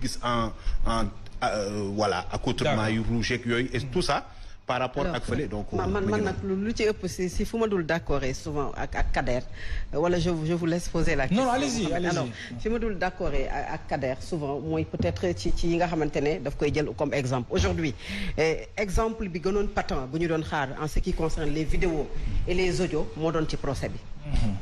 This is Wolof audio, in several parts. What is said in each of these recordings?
gis en en euh, voilà à côté rouge et rouge mm. et tout ça par rapport à ce donc man man est lu si vous me ma d'accord souvent à Kader voilà euh, je je vous laisse poser la question non allez-y allez-y alors fi ma dul d'accord Kader souvent moi, peut-être ci vous yi nga xamante comme exemple aujourd'hui euh, exemple bi gënoon patent bu en ce qui concerne les vidéos et les audios moo doon ci procès bi mm-hmm.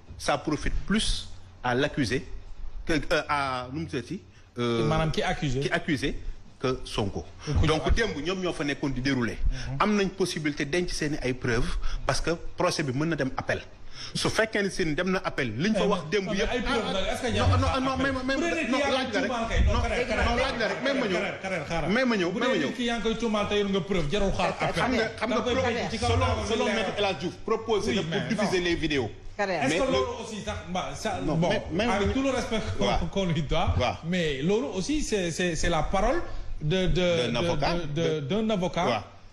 ça profite plus à l'accusé que euh, à nu euh, qui maanaam ki accusé ki accusé que Sonko. donc démb ñoom ñoo fa nekkoon di dérouler. Mhm. am nañ possibilité denc seen i ay preuves parce que procès bi mën dem appel su fekkee ne si dem na appel liñ fa wax yëpp. non non non non non non rek non laaj la rek ma ma koy nga preuve jarul xaar appel. xam nga xam nga diffuser les vidéos. est-ce que loolu aussi sax bah, non ça bon avec tout le respect qu'on mais aussi c'est c'est la parole de de d'un avocat.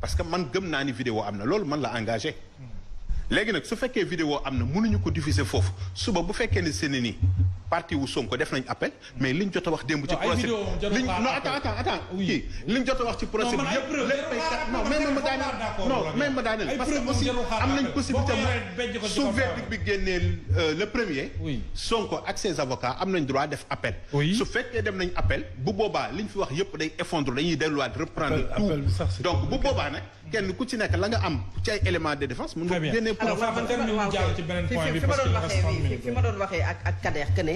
parce que man gëm naa ni vidéo am na loolu man la engagé léegi nag su fekkee vidéo am na mu ñu ko diffuser foofu suba bu fekkee ne seen nii parti wu ko def nañ appel mais liñ jotta wax dembu ci procès liñ non attends attends attends liñ jotta wax ci procès bi yëpp lépp ay non même ma daaneel non même ma daaneel parce que aussi am nañ possibilité mu su verdict bi génnee euh, le premier. Sonko ak ses avocats am nañ droit def appel. su fekkee dem nañ appel bu boba liñ fi wax yépp day effondre dañuy delluwaat reprendre tout donc bu boba nak kenn ku ci nek la nga am ci ay éléments de défense. mën nga génnee pour. alors waaw waaw waaw fi ma doon waxee fi ma doon waxé ak ak Kader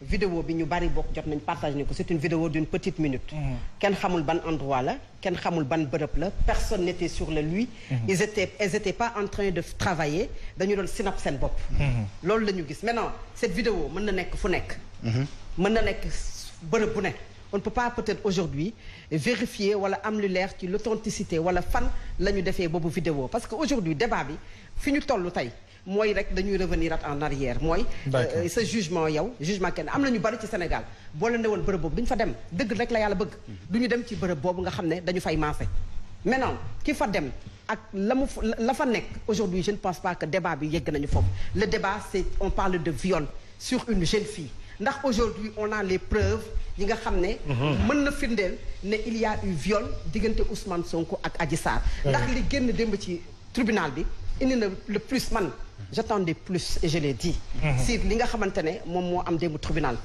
vidéo bi ñu bari bok jot nañ partage ni ko c'est une vidéo d'une petite minute qu'un mm-hmm. xamul ban endroit la qu'un xamul ban bërëb la personne n'était sur le lui mm-hmm. ils étaient ils étaient pas en train de travailler dañu doon synap sen bop mm-hmm. loolu lañu gis maintenant cette vidéo mën na nekk fu nek mën na bu nek on ne peut pas peut-être aujourd'hui vérifier wala am lu leer ci l'authenticité wala fan la défé faits vidéo parce que aujourd'hui débat bi fiñu tollu tay moy rek dañuy revenir at en arrière mooy ce euh, jugement yow jugement ken am na ñu bari ci Sénégal bo leen néwon woon bobu buñ fa dem deug rek la yalla bëgg mhm. duñu dem ci bërëb bobu nga xamné ne dañu fay mais maintenant ki fa dem ak la la fa nek aujourd'hui je ne pense pas que débat bi yegg nañu fop le débat c'est on parle de viol sur une jeune fille ndax aujourd'hui on a les preuves yi nga xam ne mhm. mën na firndeel ne il y a eu viol diggante Ousmane Sonko ak Adji Sarr ndax li génn démb ci tribunal bi indi na le plus man j'attendais plus et je l'ai dit mhm. si li nga xamantene mom mo am demu tribunal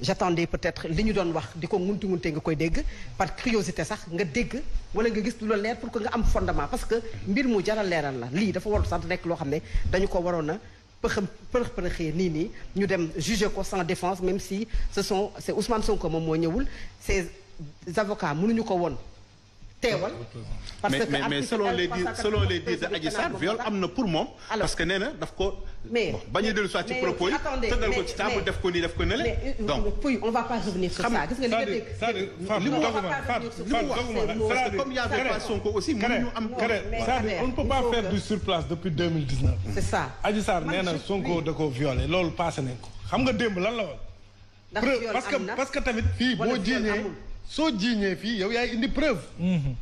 j'attendais peut-être li ñu doon wax diko ko munti nga koy dégg par curiosité sax nga dégg wala nga gis lu la leer pour que nga am fondement parce que mbir mu jaral leeral la li dafa war sax di nekk loo xam dañu ko warona a pëxam përëx ni ni ñu dem juger ko sans défense même si ce sont c'est Ousmane Sonko mom mo ñewul ses avocats mënuñu ko won teewal. parce que mais mais selon les dires selon les dires de Adji Sarr viol amna pour mom parce que nee daf ko. mais delu a ci propos yi. tëggal ko ci table def ko ni def ko nële. donc Pouye on va pas revenir sur ça. gis nga li nga dégg li mu wax parce que comme y avait pas Sonko aussi mënuñu am. on ne peut pas faire du surplace depuis 2019. c'est ça Adji Sarr nee Sonko da koo violé loolu passé nañ ko xam nga demb lan la woon. parce que parce que tamit fi bo jiiñee soo il y yow une indi preuve. Mhm.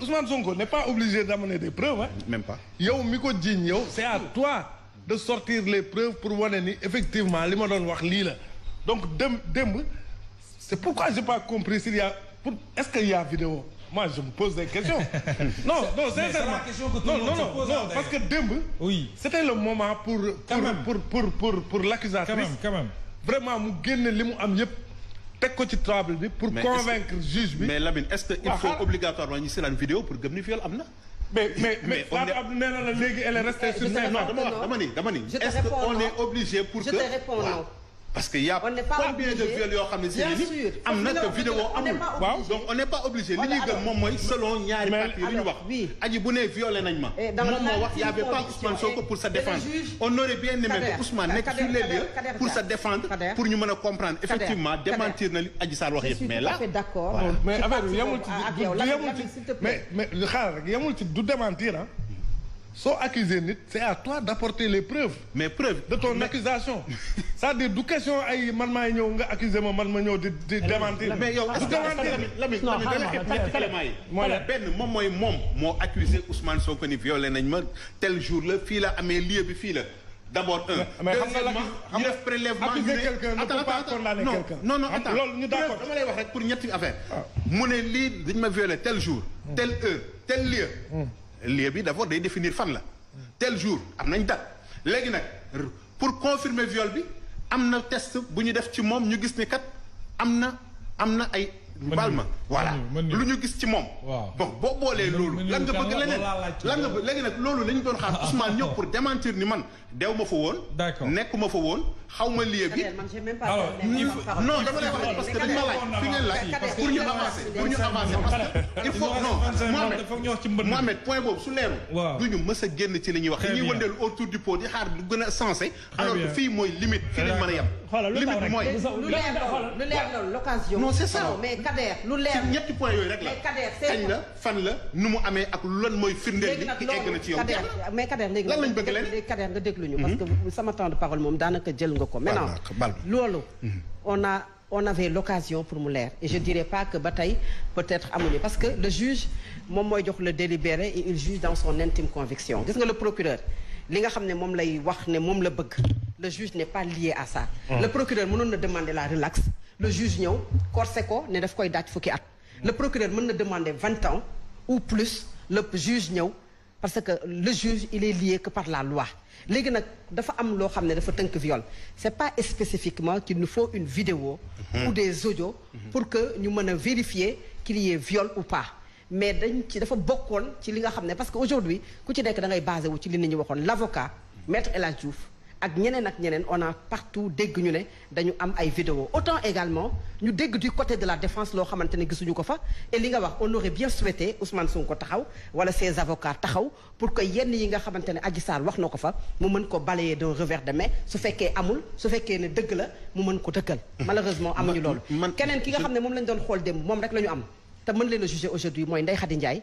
Ousmane Zongo n'est pas obligé d'amener des preuves hein. même pas yow a c'est à toi de sortir les preuves pour voir effectivement li ma noirs wax donc c'est pourquoi je n'ai pas compris s'il y a est-ce qu'il y a vidéo moi je me pose des questions non non sincèrement non non non non parce que Demb, c'était le moment pour pour pour pour l'accusatrice quand même vraiment mu génne les mots am tes ko pour convaincre juge bi mais est-ce qu'il faut obligatoirement ñu vidéo pour que nous mais mais mais elle sur non on est obligé pour je te réponds parce qu'il y a combien de viols yoo xam ne si nit am na te vidéo amul donc on n'est pas obligé li ñuy gëm moom mooy selon ñaari papier yi ñu wax aji bu ne violé nañ ma moom moo wax y avait pas Ousmane Sonko pour se défendre on aurait bien aimé que Ousmane nekk sur les lieux pour se défendre pour ñu mën comprendre effectivement démentir na li Adji Sarr wax yëpp mais là mais affaire yamul ci yamul ci mais mais xaaral rek yamul ci du démentir ah So accusé c'est à toi d'apporter les preuves. Mes preuves de ton accusation c'est-à-dire du question ay man que nga accusé ma man ma di démentir. mais yow bu démentir Lamine Lamine la accusé Ousmane Sonko violé nañ ma tel jour le fi la amé lieu bi la. d'abord un deuxièmement il def prélèvement accuser quelqu'un ne peut non non attends Je ñu d'accord dama lay wax rek pour ñetti affaire ah. mu ne ma violé tel jour. tel heure tel lieu. Hmm lieu bi d' day définir fan la tel jour am nañ date léegi nag pour confirmer viol bi amna test buñu def ci mom ñu gis ni kat amna amna ay balma voilà lu ñu gis ci bon boo boolee loolu. nga pour démentir ni man dew ma fa bi. alors pour ñu avancer ñu avancer parce que il faut Mohamed point boobu su leeru mës ci wax autour du pot di xaar lu l'occasion ça mais lu ñaar ñetti point yoy rek la kañ la fan la nu mu amee ak lan moy firndeel bi ki egg na ci yow mais Kader léegi lan lañ bëgg nga déglu ñu mhm. parce que sama temps de parole mom danaka jël nga ko maintenant lolu mhm. on a on avait l'occasion pour mu et je mhm. dirais pas que bataille peut-être amuñu parce que le juge mom moy jox le délibérer et il juge dans son intime conviction gis le procureur li nga xamné mom lay wax né mom la bëgg le juge n'est pas lié à ça oh. le procureur nous na demander la relaxe le juge ñëw corsé ko ne daf koy daaj fukki at le procureur mën na demander 20 ans ou plus le juge ñëw parce que le juge il est lié que par la loi légui nak dafa am lo xamné dafa teunk viol c'est pas spécifiquement qu'il nous faut une vidéo mhm. ou des audios mhm. pour que ñu puissions vérifier qu'il y ait viol ou pas mais dañ ci dafa bokkoon ci li nga xamné parce que aujourd'hui ku ci nek da ngay baser wu ci li l'avocat maître et la Diouf ak ñeneen ak ñeneen on a partout dégg ñu ne dañu am ay vidéo autant également ñu dégg du côté de la défense loo xamante ne gisuñu ko fa et li nga wax on aurait bien souhaité Ousmane Sonko taxaw wala ses avocats taxaw pour que yenn yi nga xamante ne Adji Sarr wax na ko fa mu mën ko balayer d'un revers de main su fekkee amul su fekkee ne dëgg la mu mën ko dëggal malheureusement amuñu loolu keneen ki nga xam ne moom lañ doon xool dem moom rek la ñu am te mën leen a juger aujourd'hui mooy Ndeye Khady Ndiaye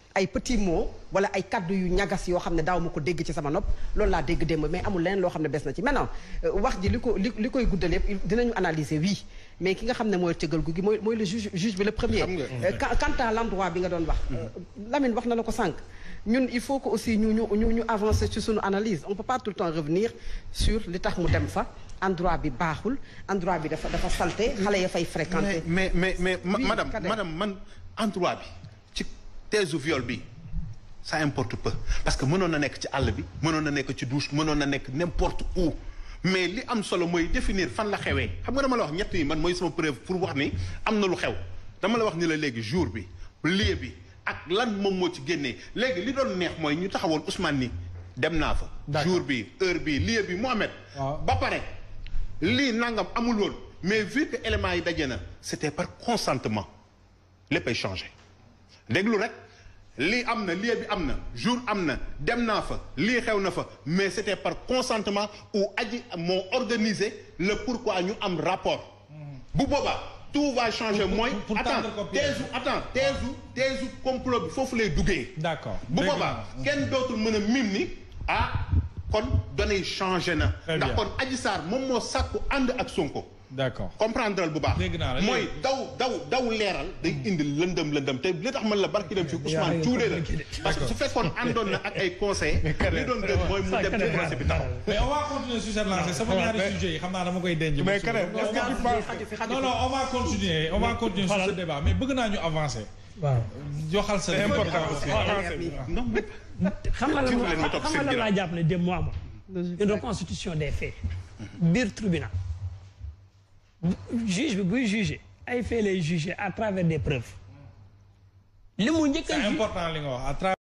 ay petits mots wala ay cadeau yu ñagas yo xam ne daaw ko dégg ci sama nopp loolu la dégg démb mais amul leneen loo xam ne bes na ci maintenant euh, wax ji li ko li koy guddal yëpp dinañu analyser oui mais ki nga xam ne mooy tëggal gu gi mooy mooy le juge juge le premier euh, Quand à l'endroit bi nga doon wax mm-hmm. euh, Lamine wax na la ko sànq ñun il faut que aussi ñu ñu ñu ñu avancer ci suñu analyse on peut pas tout le temps revenir sur li tax mu dem fa endroit bi baaxul endroit bi dafa dafa salté xale ya fay fréquenté mais mais mais madame madame man endroit bi tes viol bi ça importe peu parce que mënoon na nekk ci all bi mënoon na nekk ci douche mënoon na nekk n'importe où mais li am solo moy définir fan la xewé xam nga dama la wax ñett yi man moy sama preuve pour wax ni am lu xew dama la wax ni la légui jour bi lieu bi ak lan mom mo ci génnee légui li doon neex moy ñu taxawoon Ousmane ni dem naa fa jour bi heure bi lieu bi Mohamed ba paré li nangam amul woon mais vu que élément yi dajé na c'était par consentement pays changé déglu rek li amna jour amna dem fa li mais c'était par consentement ou mo organisé le pourquoi ñu am rapport mm-hmm. bu tout va changer Attends, attends attends, attends attends, complot bi lay d'accord bu boobaa kon donné yi changé na. ndax kon Adji Sarr moom moo sàkku ak Sonko. d'accord comprendre bu baax. moy daw daw daw leral day hmm. indi lëndëm lëndëm te li tax man la barki dem fi Ousmane Tuure la. parce que su fekkoon àndoon na ak ay conseils. li doon def mooy mu dem ci procès bi taxaw. mais on va continuer sur cette lancée sama ñaari sujet yi xam dama koy denj mais est-ce que tu parles non non on va continuer on va continuer sur ce débat mais bëgg na ñu avancer waaw joxal sa c'est important aussi xam nga la laa jàpp ne dem moo une reconstitution des faits Bir tribunal juge bi buy juger Il fait les juger à travers des preuves c'est important li nga wax